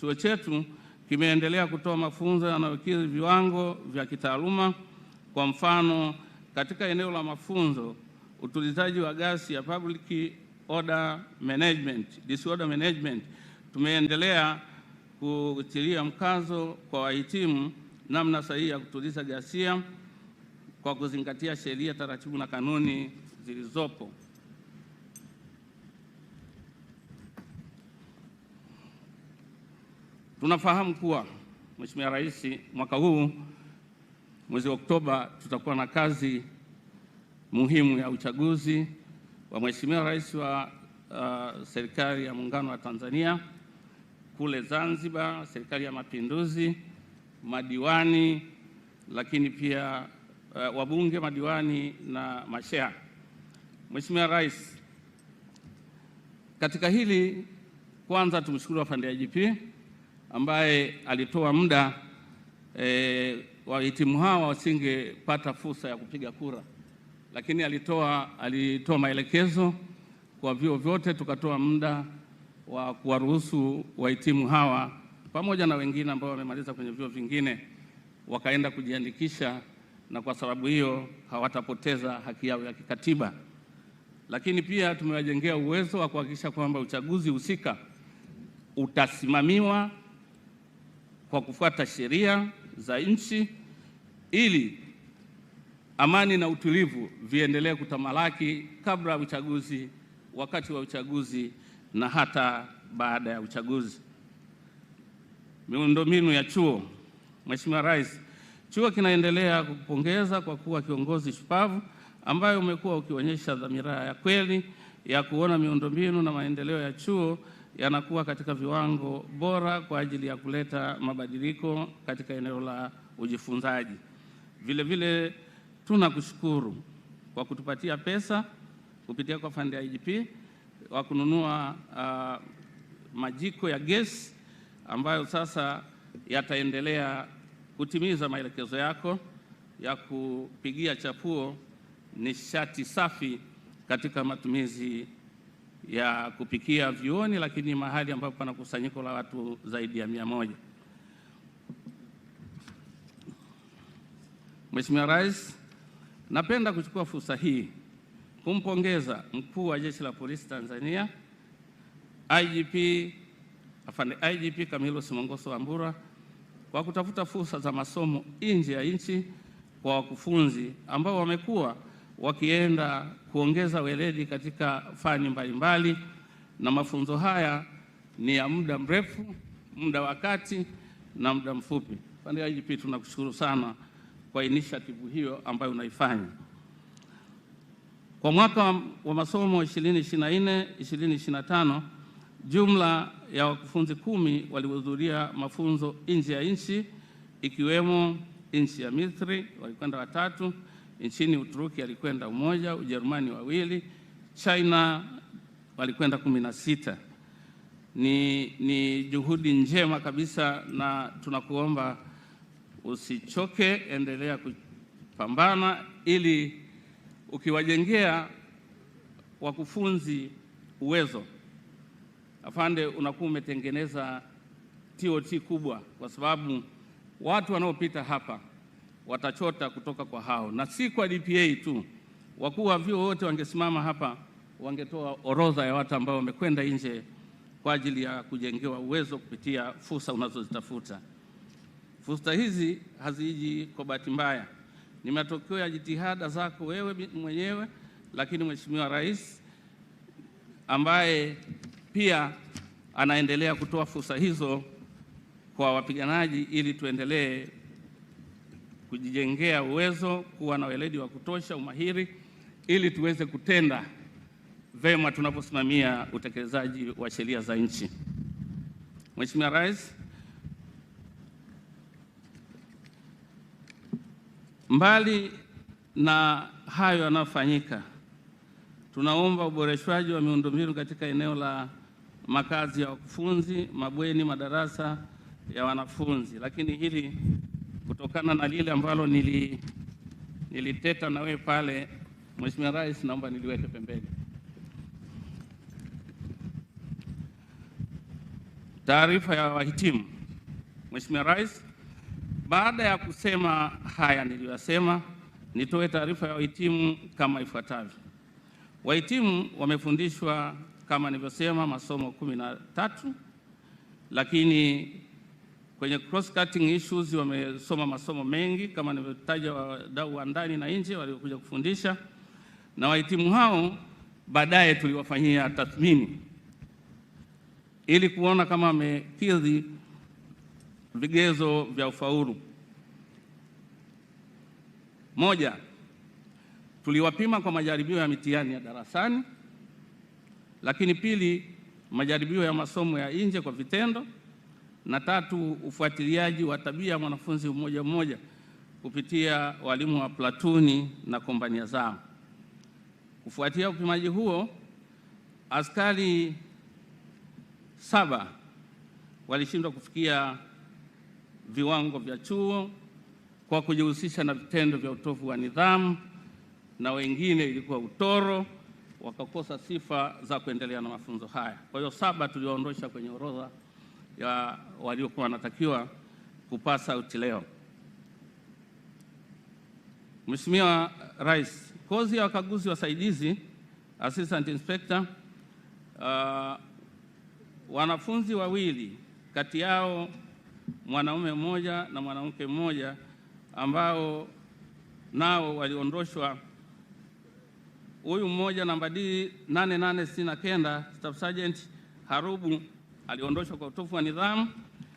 Kituo chetu kimeendelea kutoa mafunzo yanayokidhi viwango vya kitaaluma. Kwa mfano, katika eneo la mafunzo utulizaji wa gasi ya public order management, disorder management, tumeendelea kutilia mkazo kwa wahitimu namna sahihi ya kutuliza ghasia kwa kuzingatia sheria, taratibu na kanuni zilizopo. Tunafahamu kuwa Mheshimiwa Rais, mwaka huu mwezi wa Oktoba tutakuwa na kazi muhimu ya uchaguzi wa Mheshimiwa Rais wa uh, serikali ya muungano wa Tanzania kule Zanzibar, serikali ya mapinduzi, madiwani, lakini pia uh, wabunge, madiwani na masheha. Mheshimiwa Rais, katika hili kwanza tumshukuru afande IGP ambaye alitoa muda e, wahitimu hawa wasingepata fursa ya kupiga kura, lakini alitoa, alitoa maelekezo kwa vyuo vyote, tukatoa muda wa kuwaruhusu wahitimu hawa pamoja na wengine ambao wamemaliza kwenye vyuo vingine wakaenda kujiandikisha, na kwa sababu hiyo hawatapoteza haki yao ya kikatiba. Lakini pia tumewajengea uwezo wa kuhakikisha kwamba uchaguzi husika utasimamiwa kwa kufuata sheria za nchi ili amani na utulivu viendelee kutamalaki kabla ya uchaguzi, wakati wa uchaguzi na hata baada ya uchaguzi. Miundombinu ya chuo. Mheshimiwa Rais, chuo kinaendelea kukupongeza kwa kuwa kiongozi shupavu ambayo umekuwa ukionyesha dhamira ya kweli ya kuona miundombinu na maendeleo ya chuo yanakuwa katika viwango bora kwa ajili ya kuleta mabadiliko katika eneo la ujifunzaji. Vile vile tunakushukuru kwa kutupatia pesa kupitia kwa fundi ya IGP wa kununua uh, majiko ya gesi ambayo sasa yataendelea kutimiza maelekezo yako ya kupigia chapuo nishati safi katika matumizi ya kupikia vyuoni, lakini mahali ambapo pana kusanyiko la watu zaidi ya mia moja. Mheshimiwa Rais, napenda kuchukua fursa hii kumpongeza mkuu wa Jeshi la Polisi Tanzania IGP, afande IGP Camilo Simongoso Wambura kwa kutafuta fursa za masomo nje ya nchi kwa wakufunzi ambao wamekuwa wakienda kuongeza weledi katika fani mbalimbali mbali, na mafunzo haya ni ya muda mrefu, muda wa kati na muda mfupi. Pande ya IGP tunakushukuru sana kwa initiative hiyo ambayo unaifanya kwa mwaka wa masomo 2024 2025 jumla ya wakufunzi kumi walihudhuria mafunzo nje ya nchi ikiwemo nchi ya Misri walikwenda watatu Nchini e, Uturuki alikwenda mmoja, Ujerumani wawili, China walikwenda kumi na sita. Ni, ni juhudi njema kabisa na tunakuomba usichoke, endelea kupambana ili ukiwajengea wakufunzi uwezo, afande, unakuwa umetengeneza TOT kubwa, kwa sababu watu wanaopita hapa watachota kutoka kwa hao, na si kwa DPA tu. Wakuu wa vyuo wote wangesimama hapa, wangetoa orodha ya watu ambao wamekwenda nje kwa ajili ya kujengewa uwezo kupitia fursa unazozitafuta. Fursa hizi haziji kwa bahati mbaya, ni matokeo ya jitihada zako wewe mwenyewe, lakini Mheshimiwa Rais ambaye pia anaendelea kutoa fursa hizo kwa wapiganaji ili tuendelee kujijengea uwezo, kuwa na weledi wa kutosha, umahiri, ili tuweze kutenda vema tunaposimamia utekelezaji wa sheria za nchi. Mheshimiwa Rais, mbali na hayo yanayofanyika, tunaomba uboreshwaji wa miundombinu katika eneo la makazi ya wakufunzi, mabweni, madarasa ya wanafunzi, lakini hili kutokana na lile ambalo nili, niliteta na wewe pale, Mheshimiwa Rais, naomba niliweke pembeni. Taarifa ya wahitimu. Mheshimiwa Rais, baada ya kusema haya niliyoyasema, nitoe taarifa ya wahitimu kama ifuatavyo. Wahitimu wamefundishwa kama nilivyosema masomo kumi na tatu, lakini Kwenye cross cutting issues wamesoma masomo mengi kama nilivyotaja, wadau wa ndani na nje waliokuja kufundisha, na wahitimu hao baadaye tuliwafanyia tathmini ili kuona kama wamekidhi vigezo vya ufaulu. Moja, tuliwapima kwa majaribio ya mitihani ya darasani, lakini pili, majaribio ya masomo ya nje kwa vitendo na tatu, ufuatiliaji wa tabia ya mwanafunzi mmoja mmoja kupitia walimu wa platuni na kompania zao. Kufuatia upimaji huo, askari saba walishindwa kufikia viwango vya chuo kwa kujihusisha na vitendo vya utovu wa nidhamu, na wengine ilikuwa utoro, wakakosa sifa za kuendelea na mafunzo haya. Kwa hiyo saba tuliwaondosha kwenye orodha ya waliokuwa wanatakiwa kupaa sauti leo. Mheshimiwa Rais, kozi ya wakaguzi wasaidizi assistant inspector, uh, wanafunzi wawili kati yao mwanaume mmoja na mwanamke mmoja ambao nao waliondoshwa, huyu mmoja namba D 8869 Staff Sergeant Harubu aliondoshwa kwa utovu wa nidhamu